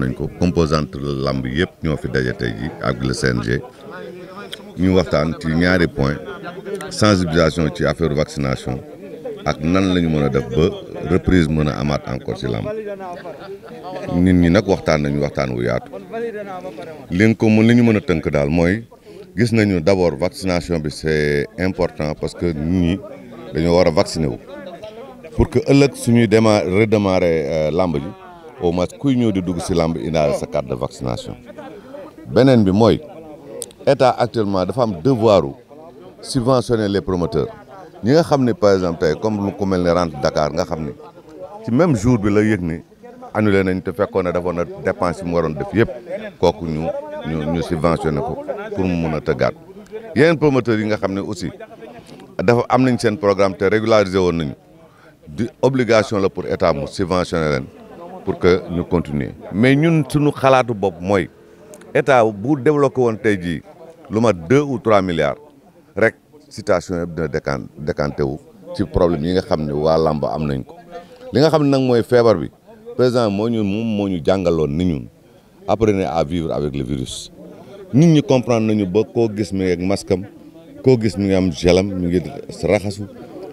nañ ko composante lamb yëpp ñoo fi daje tey ji ak le CNG ñu waxtaan ci ñaari point sensibilisation ci affaire vaccination ak nan la ñu mën a def ba reprise mën a amaat encore ci làmb nit ñi nag waxtaan nañu waxtaan wu yaatu li nga ko mën lañu mën a tënk daal mooy gis nañu d'abord vaccination bi c'est important parce que ñi dañoo war a vacciner wu pour que ëllëg suñuy démarrer redémarrer euh, lamb ji au moins kuy ñëw di dugg si làmb indaale sa carte de vaccination beneen bi mooy état actuellement dafa am devoiru subventionner les promoteurs ñi nga xam ne par exemple tey comme lu ko mel ne Dakar nga xam ne ci même jour bi la yëg ni annulé nañ te fekkoon ne na dépense yi mu waroon def yëpp kooku ñu ñu ñu subventionné ko pour mu mun a tëggaat yenn promoteurs yi nga xam ne aussi dafa am nañ seen programme te régularisé woon nañu di obligation la pour état mu subventionné leen pour que ñu continuer mais ñun suñu xalaatu bopp mooy état bu développé woon tey jii lu ma deux ou trois milliards rek situation yëpp dina décan décanté wu ci problème yi nga xam ne waa làmba am nañ ko li nga xam ne nag mooy feebar bi président moo ñun moom moo ñu jàngaloon ni ñun apprenez à vivre avec le virus nit ñi comprendre nañu ba koo gis mi ngi maskam masque koo gis mi nga am gelam mi ngi raxasu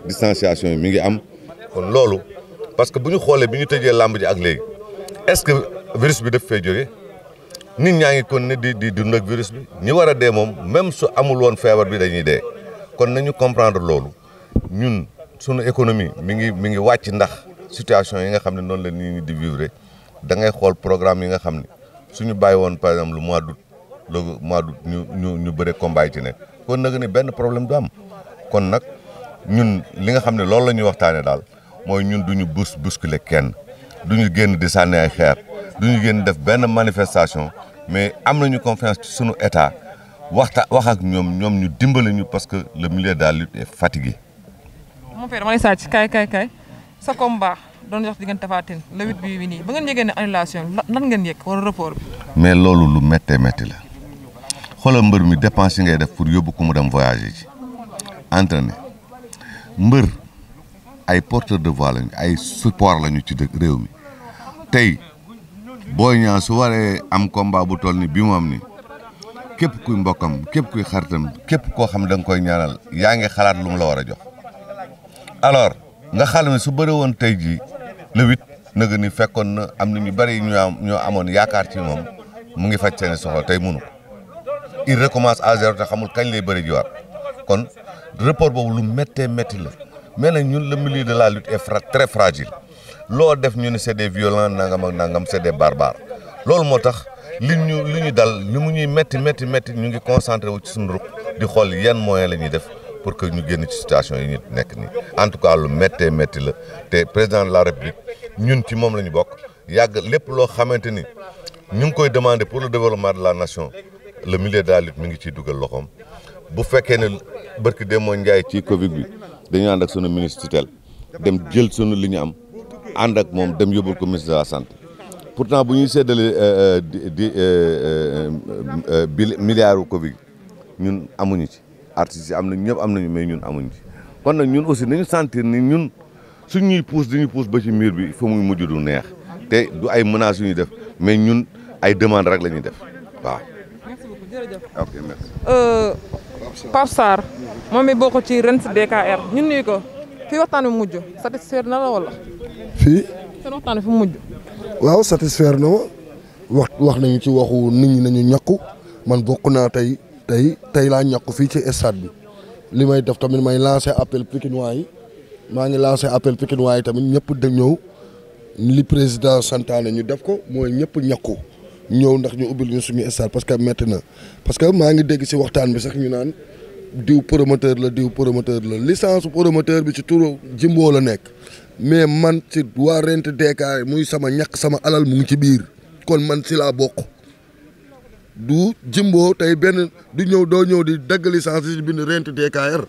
distanciation yi mi ngi am kon loolu parce que bu ñu xoolee bi ñu tëjee làmb ji ak léegi est-ce que virus bi daf fee jógee nit ñaa ngi kon ne di di dund ak virus bi ñi war a dee moom même su amul woon feebar bi dañuy dee kon nañu comprendre loolu ñun sunu économie mi ngi mi ngi wàcc ndax situation yi nga xam ne noonu la ni di vivre da ngay xool programme yi nga xam ne suñu bàyyi woon par exemple le mois d'août le mois d'août ñu ñu ñu bëre combat yi ci nekk kon nag ni benn problème du am kon nag ñun li nga xam ne loolu la ñuy waxtaanee daal. mooy ñun duñu bus bousculer kenn duñu génn di sànni ay xeer duñu génn def benn manifestation mais am nañu confiance ci sunu état waxta wax ak ñoom ñoom ñu dimbale ñu parce que le milieu de la lutte est fatigué. mon père ma lay sàcc kaay kaay sa combat doon jox diggante Tapha Tine le huit bii bi nii ba ngeen yëgee ne annulation lan ngeen yëg wala report bi. mais loolu lu méttee métti la xoolal mbër mi dépense yi def pour yóbbu ko mu dem voyager ci entraîné mbër. ay porteurs de voix lañu ay support lañu ci dëkk réew mi tey Boy Niang su waree am combat bu toll ni bii mu am ni képp kuy mbokkam képp kuy xaritam képp koo xam da nga koy ñaanal yaa ngi xalaat lu la war a jox alors nga xal mi su bëri woon tey jii le huit nga fekkoon am na ñu bëri ñu am ñoo amoon yaakaar ci moom mu ngi faj seen soxla tey mënu i il recommence à zéro te xamul kañ lay bëri jiwaat kon report boobu lu méttee métti la mais nag ñun le milieu de la lutte e fra très fragile loo def ñu ne c'est des violents nangam ak nangam c'est des barbares loolu moo tax li ñu li ñu dal li mu ñuy métti métti métti ñu ngi concentré wu ci suñu ruq di xool yan moyen la ñuy def pour que ñu génn ci situation yi ñu nekk nii en tout cas lu méttee métti la te président la république ñun ci moom la ñu bokk yàgg lépp loo xamante ni ñu ngi koy demander pour le développement de la nation le milieu de la lutte mi ngi ciy dugal loxoom bu fekkee ne barki démb Ndiaye ci Covid bi. dañu ànd ak sunu ministre tutelle dem jël sunu lu ñu am ànd ak moom dem yóbbul ko ministre de la santé pourtant bu ñuy séddale euh, euh, di euh, milliards Covid ñun amuñu ci artistes am nañ ñëpp am nañu mais ñun amuñu ci kon nag ñun aussi nañu sentir ni ñun suñ ñuy pousse di ñu ba ci miir bi fa mu mujj du neex te du ay menaces yu def mais ñun ay demandes rek la def waaw. moom boo ko ci RENS DKR ñu nuyu ko fii waxtaan bi mujj satisfaire na la wala. fii. seen waxtaan fi mujj. waaw satisfaire na ma wax wax nañu ci waxu nit ñi nañu ñakku man bokk naa tey tey tey laa ñàkku fii ci stade bi li may def tamit may lancer appel Pikinois yi maa ngi lancer appel Pikinois yi tamit ñëpp de ñëw li président santaane ñu def ko mooy ñëpp ñàkku ñëw ndax ñu ubbil ñu suñu stade parce que métti na parce que maa ngi dégg si waxtaan bi sax ñu naan. diw promoteur la diw promoteur la licence promoteur bi ci turu Jimbo la nekk mais man ci waa rent Deka muy sama ñaq sama alal mu ngi ci biir kon man si laa bokk du Jimbo tey benn du ñëw doo ñëw di dagg licence yi bind rent DKR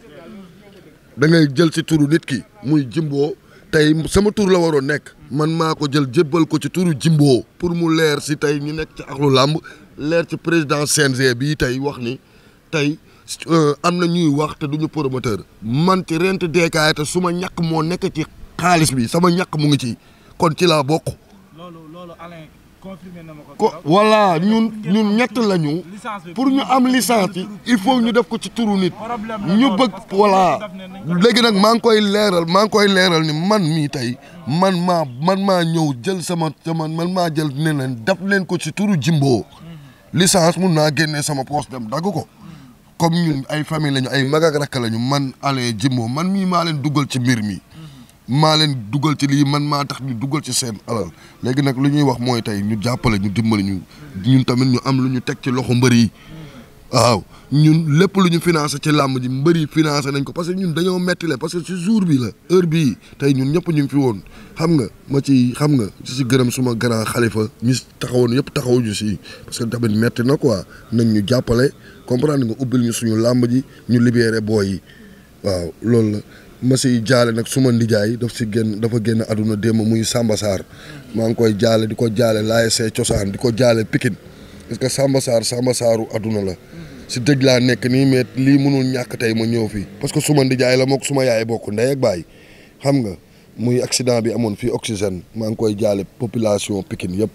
da ngay jël si turu nit ki muy Jimbo tey sama tur la waroon nekk man maa ko jël jébbal ko ci turu Jimbo pour mu leer si tey ñu nekk ci axlu làmb leer ci président CNG bii tey wax ni tey Euh, am na ñuy wax te duñu promoteur man ci rent DKR te su ma ñàkk moo nekk ci xaalis bi sama ñàkk mu ngi ci kon ci laa bokk. loolu loolu Alain confirmé ko. voilà ñun ñun ñett lañu pour ñu am licence yi il faut ñu def ko ci turu nit. ñu bëgg voilà léegi nag maa ngi koy leeral maa ngi koy leeral ni man mii tey man maa man maa ñëw jël sama sama man maa jël ne leen def leen ko ci turu Jimbo mhm. licence mun naa génne sama poche dem dagg ko. comme ñun ay famille lañu ay mag ak rakk lañu man ale Djimbo man mii maa leen dugal ci mbir mi. Mm-hmm. maa leen dugal ci lii man maa tax ñu dugal ci seen alal léegi nag lu ñuy wax mooy tey ñu jàppale ñu dimbali ñu ñun tamit ñu am lu ñu teg ci loxo mbër yi. waaw ñun lépp lu ñu financé ci làmb ji mbëri financé nañ ko parce que ñun dañoo metti le parce que ci bi la heure bii tey ñun ñëpp ñu ngi fi woon xam nga ma ci xam nga ci si gërëm suma grand xalifa ñu taxawoon yëpp taxaw ñu si parce que tamit metti na quoi nañ ñu jàppale comprendre nga ubbil ñu suñu làmb ji ñu libéré booy yi waaw loolu la ma si jaale nag suma ndijaay daf si génn dafa génn aduna démb muy Samba Sarr maa ngi koy jaale di ko jaale laay see cosaan di ko jaale pikin parce que Samba Sarr Samba Saaru adduna la si dëj laa nekk nii mais lii mënul ñàkk tey ma ñëw fii parce que suma ndijaay la mook suma yaay bokk ndey ak baay xam nga muy accident bi amoon fii oxygène maa ngi koy jaale population Pikine yëpp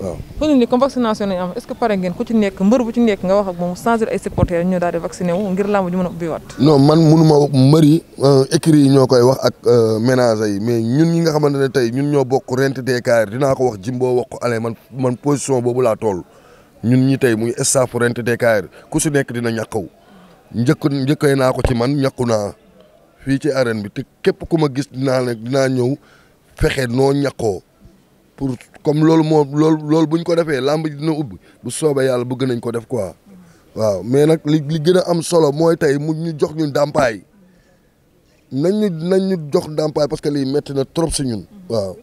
waaw. fu ñu vaccination lañu am est ce que pare ngeen ku ci nekk mbër bu ci nekk nga wax ak moom changer ay supporters ñu daal di vacciné wu ngir làmb ji mën a ubbiwaat. non man mënu ma mbër yi euh, écrits yi ñoo koy wax ak euh, ménage yi mais ñun ñi nga xamante ne tey ñun ñoo bokk rent Dakar dinaa ko wax Jimbo wax ko ale man man position boobu laa toll. ñun ñi tey muy staff rent DKR ku si nekk dina ñàkkaw njëkk njëkkee naa ko ci man ñakku naa fii ci arène bi te képp ku ma gis dinaa ne dinaa ñëw fexe noo ñàkkoo pour comme loolu moo loolu loolu buñ ko defee làmb ji dina ubbi bu soobee yàlla bëgg nañ ko def quoi waaw mais nag li li gën a am solo mooy tey mu ñu jox ñu ndàmpaay nañ ñu nañ ñu jox ndàmpaay parce que lii metti na trop si ñun waaw.